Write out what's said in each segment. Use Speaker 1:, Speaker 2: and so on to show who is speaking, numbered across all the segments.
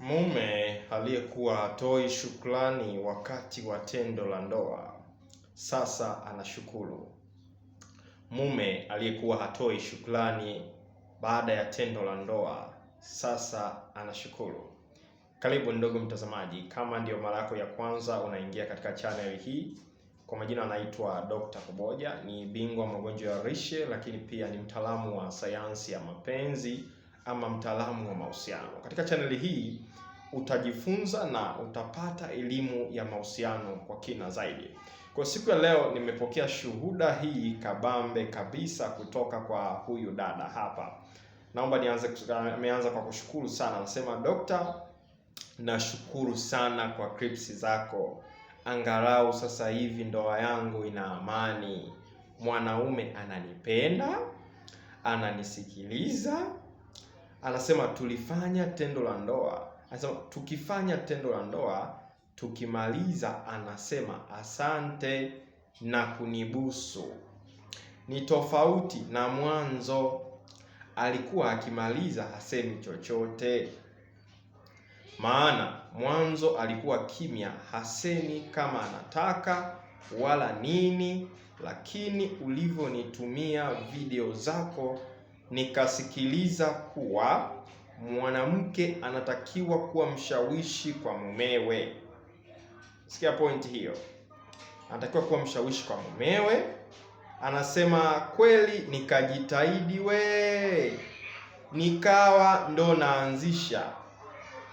Speaker 1: Mume aliyekuwa hatoi shukrani wakati wa tendo la ndoa sasa anashukuru. Mume aliyekuwa hatoi shukrani baada ya tendo la ndoa sasa anashukuru. Karibu ndugu mtazamaji, kama ndiyo mara yako ya kwanza unaingia katika channel hii, kwa majina anaitwa Dr. Kuboja, ni bingwa magonjwa ya rishe, lakini pia ni mtaalamu wa sayansi ya mapenzi ama mtaalamu wa mahusiano. Katika chaneli hii utajifunza na utapata elimu ya mahusiano kwa kina zaidi. Kwa siku ya leo nimepokea shuhuda hii kabambe kabisa kutoka kwa huyu dada hapa. Naomba nianze, ameanza kwa kushukuru sana, anasema dokta, nashukuru sana kwa clips zako, angalau sasa hivi ndoa yangu ina amani, mwanaume ananipenda, ananisikiliza anasema tulifanya tendo la ndoa, anasema tukifanya tendo la ndoa, tukimaliza anasema asante na kunibusu. Ni tofauti na mwanzo, alikuwa akimaliza hasemi chochote, maana mwanzo alikuwa kimya, hasemi kama anataka wala nini, lakini ulivyonitumia video zako nikasikiliza kuwa mwanamke anatakiwa kuwa mshawishi kwa mumewe. Sikia pointi hiyo, anatakiwa kuwa mshawishi kwa mumewe. Anasema kweli, nikajitahidi we, nikawa ndo naanzisha.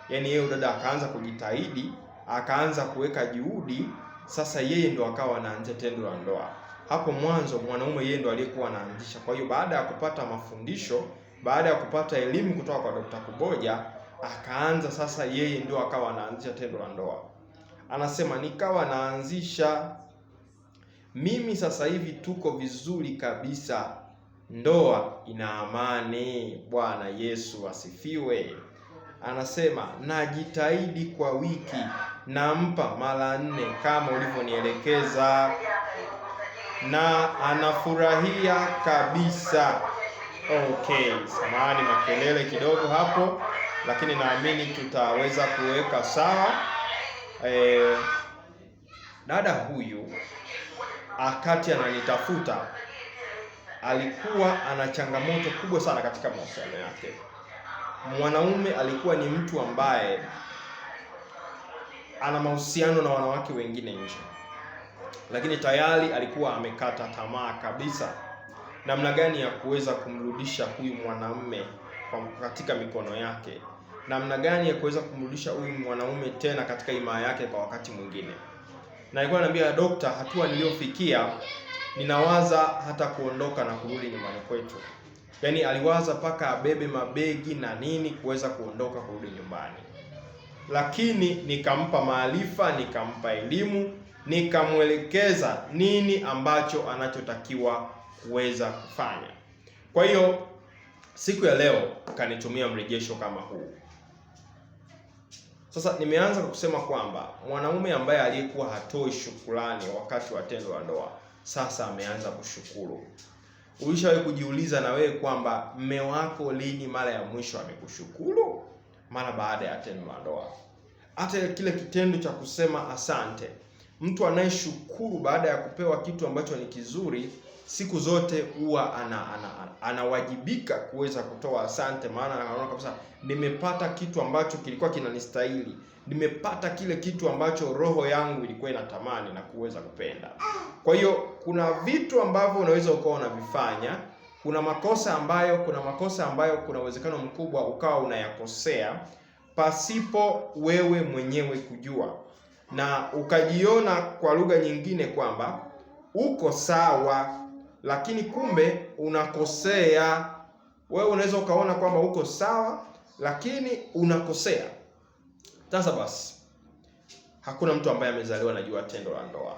Speaker 1: Yaani yeye dada akaanza kujitahidi, akaanza kuweka juhudi, sasa yeye ndo akawa anaanzia tendo la ndoa hapo mwanzo mwanaume yeye ndo aliyekuwa anaanzisha. Kwa hiyo baada ya kupata mafundisho, baada ya kupata elimu kutoka kwa Dr. Kuboja, akaanza sasa yeye ndio akawa anaanzisha tendo la ndoa. Anasema nikawa naanzisha mimi, sasa hivi tuko vizuri kabisa, ndoa ina amani. Bwana Yesu asifiwe. Anasema najitahidi kwa wiki, nampa mara nne kama ulivyonielekeza na anafurahia kabisa. Okay, samahani makelele kidogo hapo, lakini naamini tutaweza kuweka sawa. E, dada huyu akati ananitafuta alikuwa ana changamoto kubwa sana katika mahusiano yake. Mwanaume alikuwa ni mtu ambaye ana mahusiano na wanawake wengine nje lakini tayari alikuwa amekata tamaa kabisa. Namna gani ya kuweza kumrudisha huyu mwanamume katika mikono yake? Namna gani ya kuweza kumrudisha huyu mwanaume tena katika imaa yake kwa wakati mwingine? Na alikuwa anambia dokta, hatua niliyofikia ninawaza hata kuondoka na kurudi nyumbani kwetu. Yaani aliwaza mpaka abebe mabegi na nini kuweza kuondoka kurudi nyumbani, lakini nikampa maarifa, nikampa elimu nikamwelekeza nini ambacho anachotakiwa kuweza kufanya. Kwa hiyo siku ya leo kanitumia mrejesho kama huu. Sasa nimeanza kwa kusema kwamba mwanaume ambaye aliyekuwa hatoi shukrani wakati wa tendo la ndoa sasa ameanza kushukuru. Ulishawahi kujiuliza na wewe kwamba mme wako lini mara ya mwisho amekushukuru? Mara baada ya tendo la ndoa, hata kile kitendo cha kusema asante Mtu anayeshukuru baada ya kupewa kitu ambacho ni kizuri, siku zote huwa anawajibika ana, ana, ana kuweza kutoa asante, maana anaona kabisa nimepata kitu ambacho kilikuwa kinanistahili, nimepata kile kitu ambacho roho yangu ilikuwa inatamani na kuweza kupenda. Kwa hiyo kuna vitu ambavyo unaweza ukawa unavifanya, kuna makosa ambayo kuna makosa ambayo kuna uwezekano mkubwa ukawa unayakosea pasipo wewe mwenyewe kujua na ukajiona kwa lugha nyingine kwamba uko sawa, lakini kumbe unakosea. Wewe unaweza ukaona kwamba uko sawa, lakini unakosea. Sasa basi, hakuna mtu ambaye amezaliwa anajua tendo la ndoa.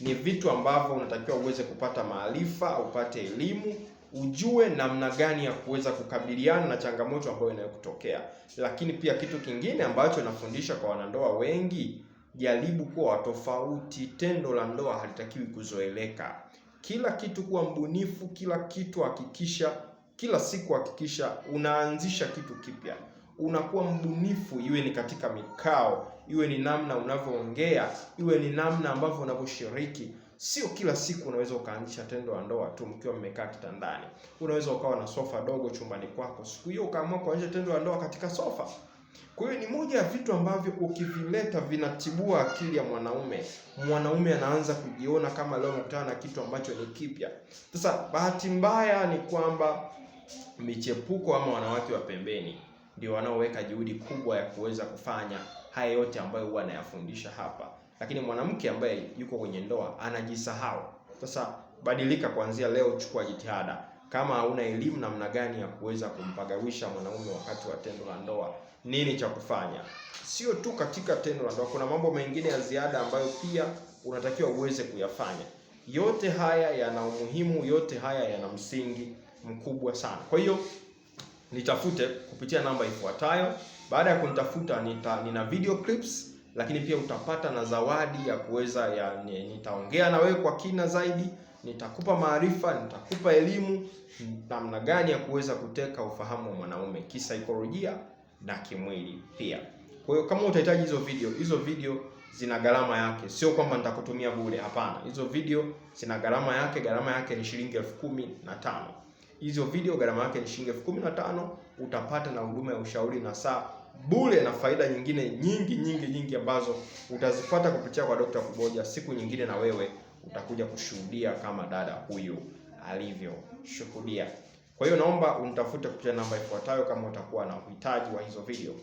Speaker 1: Ni vitu ambavyo unatakiwa uweze kupata maarifa, upate elimu, ujue namna gani ya kuweza kukabiliana na changamoto ambayo inayokutokea. Lakini pia kitu kingine ambacho nafundisha kwa wanandoa wengi jaribu kuwa watofauti. Tendo la ndoa halitakiwi kuzoeleka. Kila kitu kuwa mbunifu, kila kitu hakikisha, kila siku hakikisha unaanzisha kitu kipya, unakuwa mbunifu, iwe ni katika mikao, iwe ni namna unavyoongea, iwe ni namna ambavyo unavyoshiriki. Sio kila siku unaweza ukaanzisha tendo la ndoa tu mkiwa mmekaa kitandani. Unaweza ukawa na sofa dogo chumbani kwako, siku hiyo ukaamua kuanzisha tendo la ndoa katika sofa. Kwa hiyo ni moja ya vitu ambavyo ukivileta vinatibua akili ya mwanaume. Mwanaume anaanza kujiona kama leo amekutana na kitu ambacho ni kipya. Sasa bahati mbaya ni kwamba michepuko ama wanawake wa pembeni ndio wanaoweka juhudi kubwa ya kuweza kufanya haya yote ambayo huwa anayafundisha hapa, lakini mwanamke ambaye yuko kwenye ndoa anajisahau. Sasa badilika kuanzia leo, chukua jitihada kama hauna elimu namna gani ya kuweza kumpagawisha mwanaume wakati wa tendo la ndoa, nini cha kufanya? Sio tu katika tendo la ndoa, kuna mambo mengine ya ziada ambayo pia unatakiwa uweze kuyafanya. Yote haya yana umuhimu, yote haya yana msingi mkubwa sana. Kwa hiyo nitafute kupitia namba ifuatayo. Baada ya kunitafuta nita, nina video clips, lakini pia utapata na zawadi ya kuweza ya, nitaongea na wewe kwa kina zaidi nitakupa maarifa, nitakupa elimu namna gani ya kuweza kuteka ufahamu wa mwanaume kisaikolojia na kimwili pia. Kwa hiyo kama utahitaji hizo video, hizo video zina gharama yake, sio kwamba nitakutumia bure. Hapana, hizo video zina gharama yake. Gharama yake ni shilingi elfu kumi na tano. Hizo video gharama yake ni shilingi elfu kumi na tano. Utapata na huduma ya ushauri na saa bure na faida nyingine nyingi nyingi nyingi ambazo utazipata kupitia kwa Dr. Kuboja. Siku nyingine na wewe utakuja kushuhudia kama dada huyu alivyoshuhudia. Kwa hiyo naomba unitafute kupitia namba ifuatayo kama utakuwa na uhitaji wa hizo video: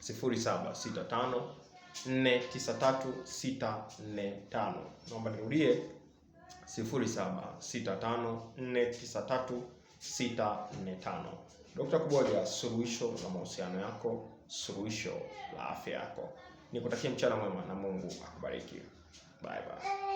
Speaker 1: 0765493645. Naomba nirudie 0765493645. Dr. Kuboja, suluhisho la mahusiano yako, suluhisho la afya yako. Nikutakia mchana mwema na Mungu akubariki. Bye bye.